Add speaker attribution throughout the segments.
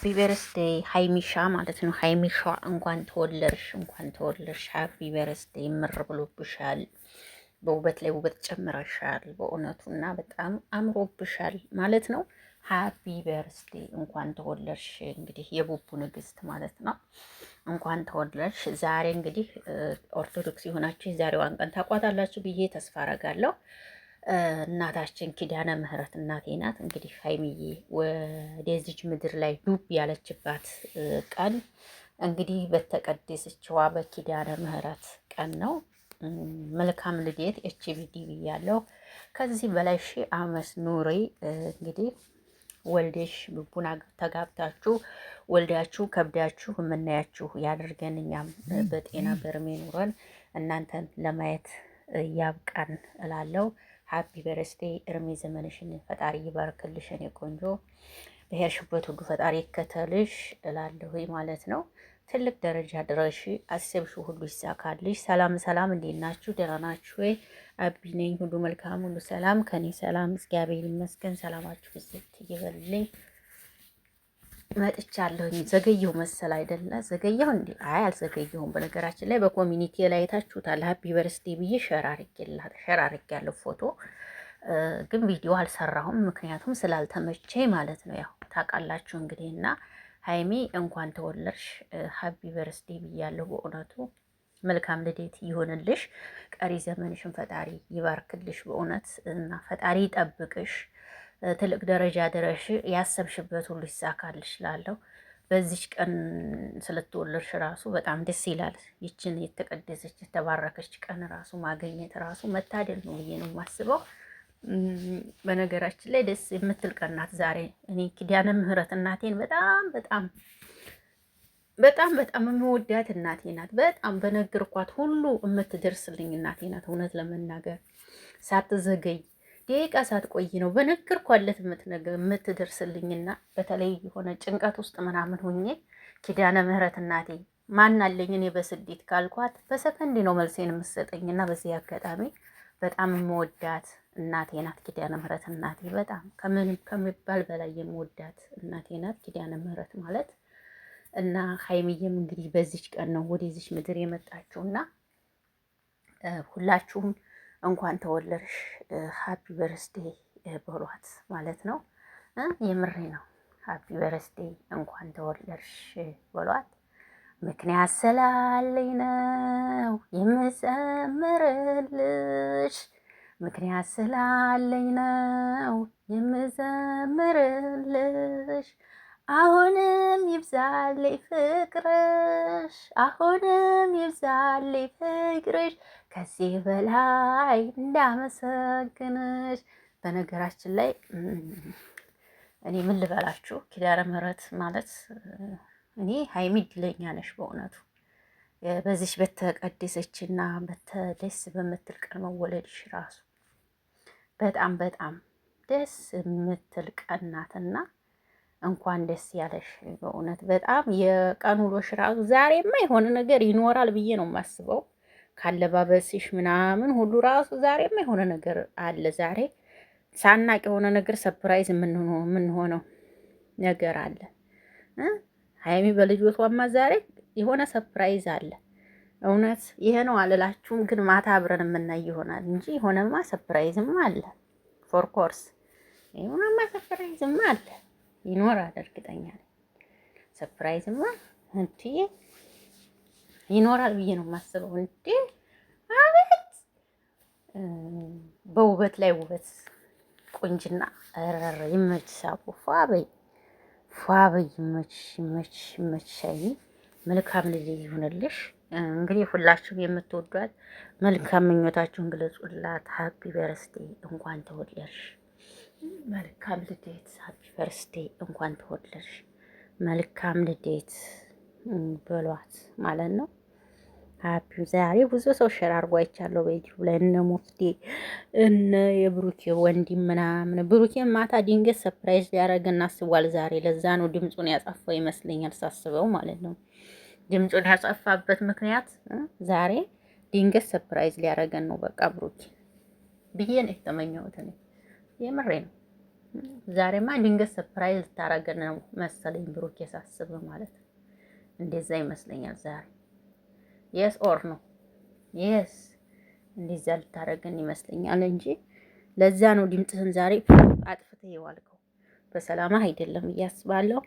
Speaker 1: ሀቢ በርስደይ ሀይሚሻ ማለት ነው። ሀይሚሻ እንኳን ተወለድሽ፣ እንኳን ተወለድሽ። ሀፒ በርስደይ ምር ብሎብሻል። በውበት ላይ ውበት ጨምረሻል። በእውነቱ እና በጣም አምሮብሻል ማለት ነው። ሀቢ በርስደይ እንኳን ተወለድሽ። እንግዲህ የቡቡ ንግስት ማለት ነው። እንኳን ተወለድሽ። ዛሬ እንግዲህ ኦርቶዶክስ የሆናችሁ የዛሬዋን ቀን ታቋታላችሁ ብዬ ተስፋ አረጋለሁ። እናታችን ኪዳነ ምህረት እናቴ ናት። እንግዲህ ሀይሚዬ ወደዚች ምድር ላይ ዱብ ያለችባት ቀን እንግዲህ በተቀደሰችዋ በኪዳነ ምህረት ቀን ነው። መልካም ልደት ኤች ቢ ከዚህ በላይ ሺህ ዓመት ኑሪ። እንግዲህ ወልደሽ ልቡን ተጋብታችሁ ወልዳችሁ ከብዳችሁ የምናያችሁ ያደርገን። እኛም በጤና በርሜ ኑረን እናንተን ለማየት ያብቃን እላለሁ። ሀፒ በረስቴ እርሜ ዘመንሽን ፈጣሪ ይባርክልሽ። እኔ ቆንጆ በሄድሽበት ሁሉ ፈጣሪ ይከተልሽ እላለሁ ማለት ነው። ትልቅ ደረጃ ድረሽ፣ አሰብሽው ሁሉ ይሳካልሽ። ሰላም ሰላም፣ እንዴት ናችሁ? ደህና ናችሁ ወይ? አቢ ነኝ። ሁሉ መልካም፣ ሁሉ ሰላም፣ ከኔ ሰላም፣ እግዚአብሔር ይመስገን። ሰላማችሁ ብዝት ይበልልኝ። መጥቻለሁኝ። ዘገየሁ መሰል አይደለ? ዘገየሁ እንዲ አይ አልዘገየሁም። በነገራችን ላይ በኮሚኒቲ ላይ የታችሁታል። ሀፒ በርስቴ ብዬ ሸራርግ ያለው ፎቶ ግን ቪዲዮ አልሰራሁም፣ ምክንያቱም ስላልተመቸኝ ማለት ነው። ያው ታውቃላችሁ እንግዲህ እና ሀይሚ እንኳን ተወለድሽ ሀፒ በርስቴ ብያለሁ። በእውነቱ መልካም ልደት ይሆንልሽ፣ ቀሪ ዘመንሽን ፈጣሪ ይባርክልሽ በእውነት እና ፈጣሪ ይጠብቅሽ። ትልቅ ደረጃ ድረሽ ያሰብሽበት ሁሉ ይሳካል ይችላለሁ። በዚች ቀን ስለተወለድሽ ራሱ በጣም ደስ ይላል። ይችን የተቀደሰች የተባረከች ቀን ራሱ ማገኘት ራሱ መታደል ነው ብዬ ነው የማስበው። በነገራችን ላይ ደስ የምትል ቀን ናት ዛሬ። እኔ ኪዳነ ምሕረት እናቴን በጣም በጣም በጣም በጣም የምወዳት እናቴ ናት። በጣም በነገርኳት ሁሉ የምትደርስልኝ እናቴ ናት። እውነት ለመናገር ሳትዘገይ ደቂቃ ሳትቆይ ነው በነገርኳለት የምትደርስልኝና በተለይ የሆነ ጭንቀት ውስጥ ምናምን ሁኜ ኪዳነ ምህረት እናቴ ማናለኝ እኔ በስዴት ካልኳት በሰከንድ ነው መልሴን የምትሰጠኝና በዚህ አጋጣሚ በጣም የምወዳት እናቴ ናት ኪዳነ ምህረት እናቴ። በጣም ከሚባል በላይ የምወዳት እናቴ ናት ኪዳነ ምህረት ማለት እና ሀይሚዬም እንግዲህ በዚች ቀን ነው ወደዚች ምድር የመጣችውና ሁላችሁም እንኳን ተወለድሽ ሀፒ በርስዴ በሏት ማለት ነው። የምሬ ነው። ሀፒ በርስዴ እንኳን ተወለድሽ በሏት። ምክንያት ስላለኝ ነው የምዘምርልሽ፣ ምክንያት ስላለኝ ነው የምዘምርልሽ። አሁንም ይብዛልኝ ፍቅርሽ፣ አሁንም ይብዛልኝ ፍቅርሽ ከዚህ በላይ እንዳመሰግንሽ። በነገራችን ላይ እኔ ምን ልበላችሁ፣ ኪዳነ ምሕረት ማለት እኔ ሀይሚ እድለኛ ነሽ በእውነቱ በዚች በተቀደሰችና በተደስ በምትል ቀን መወለድሽ ራሱ በጣም በጣም ደስ የምትል ቀናትና እንኳን ደስ ያለሽ። በእውነት በጣም የቀን ውሎሽ ራሱ ዛሬማ የሆነ ነገር ይኖራል ብዬ ነው የማስበው። ካለባበስሽ ምናምን ሁሉ ራሱ ዛሬማ የሆነ ነገር አለ። ዛሬ ሳናቅ የሆነ ነገር ሰፕራይዝ የምንሆነው ነገር አለ። ሀይሚ በልጆቷማ ዛሬ የሆነ ሰፕራይዝ አለ። እውነት ይሄ ነው አልላችሁም፣ ግን ማታ አብረን የምናይ ይሆናል እንጂ የሆነማ ሰፕራይዝም አለ። ፎር ኮርስ የሆነማ ሰፕራይዝም አለ፣ ይኖራል። እርግጠኛ ነኝ ሰፕራይዝማ እንትዬ ይኖራል ብዬ ነው የማስበው። እንዴ አቤት በውበት ላይ ውበት ቁንጅና ረረ ይመች ሳቁ ፏበይ ፏበይ ይመች ይመች ይመች ሻይ መልካም ልጅ ይሁንልሽ። እንግዲህ ሁላችሁም የምትወዷት መልካም ምኞታችሁን ግለጹላት። ሀፒ በርስቴ እንኳን ተወለድሽ። መልካም ልደት። ሀፒ በርስቴ እንኳን ተወለድሽ። መልካም ልደት በሏት ማለት ነው። ሀፒው ዛሬ ብዙ ሰው ሸር አድርጎ አይቻለሁ በዩቲዩብ ላይ እነ ሙፍቴ እነ የብሩኬ ወንድም ምናምን ብሩኬ ማታ ድንገት ሰፕራይዝ ሊያደርግ እናስቧል ዛሬ። ለዛ ነው ድምፁን ያጠፋው ይመስለኛል ሳስበው ማለት ነው። ድምፁን ያጠፋበት ምክንያት ዛሬ ድንገት ሰፕራይዝ ሊያደርገን ነው በቃ ብሩኬ ብዬ ነው የተመኘሁት። እኔ የምሬ ነው። ዛሬማ ድንገት ሰፕራይዝ ልታደርገን ነው መሰለኝ ብሩኬ ሳስበው ማለት ነው። እንደዛ ይመስለኛል ዛሬ የስ ኦር ነው የስ እንዲዛ ልታደርገን ይመስለኛል እንጂ ለዛ ነው ድምፅህን ዛሬ አጥፍተህ የዋልከው። በሰላማ አይደለም ብዬ አስባለሁ።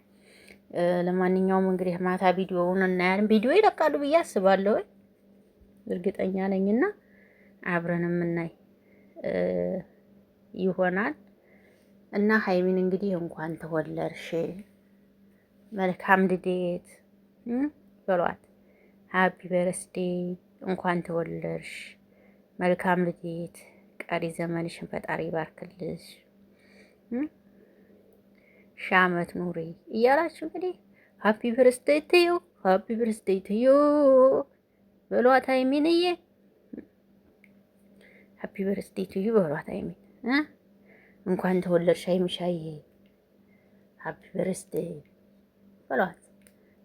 Speaker 1: ለማንኛውም እንግዲህ ማታ ቪዲዮውን እናያለን። ቪዲዮ ይለቃሉ ብዬ አስባለሁ እርግጠኛ ነኝና አብረን የምናይ ይሆናል እና ሀይሚን እንግዲህ እንኳን ተወለድሽ መልካም ልደት በሏት። ሀቢ በረስዴ እንኳን ተወለድሽ፣ መልካም ልደት፣ ቀሪ ዘመንሽን ፈጣሪ ይባርክልሽ፣ ሺህ ዓመት ኑሪ እያላችሁ እንግዲህ ሀቢ በረስዴ ትዩ ሀቢ በረስዴ ትዩ በሏት ሀይሚንዬ፣ ሀቢ በረስዴ ትዩ በሏታ የሚን እንኳን ተወለድሽ ሀይሚሻዬ፣ ሀቢ በረስዴ በሏት።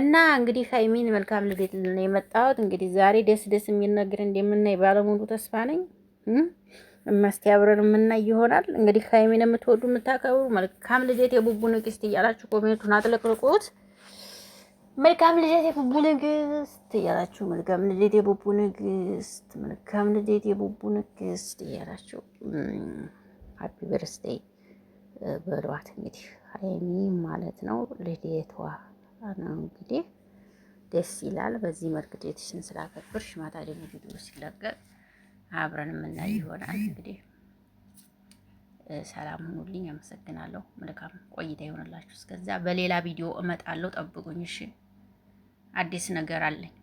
Speaker 1: እና እንግዲህ ሀይሚን መልካም ልደት የመጣሁት እንግዲህ ዛሬ ደስ ደስ የሚል ነገር እንደምናይ ባለሙሉ ተስፋ ነኝ። መስቲ አብረን የምናይ ይሆናል። እንግዲህ ሀይሚን የምትወዱ የምታከብሩ መልካም ልደት የቡቡ ንግስት እያላችሁ ኮሜንቱን አጥለቅልቁት። መልካም ልደት የቡቡ ንግስት እያላችሁ መልካም ልደት የቡቡ ንግስት መልካም ልደት የቡቡ ንግስት እያላችሁ ሀፒ በርስቴ በሏት እንግዲህ ሀይሚ ማለት ነው ልደቷ ነው እንግዲህ ደስ ይላል። በዚህ መልክ ዴትሽን ስላከበርሽ ማታ ደግሞ ቪዲዮ ሲለቀቅ አብረን የምናይ ይሆናል። እንግዲህ ሰላም ሁኑልኝ። አመሰግናለሁ። መልካም ቆይታ ይሆንላችሁ። እስከዛ በሌላ ቪዲዮ እመጣለሁ። ጠብቁኝ። እሺ፣ አዲስ ነገር አለኝ።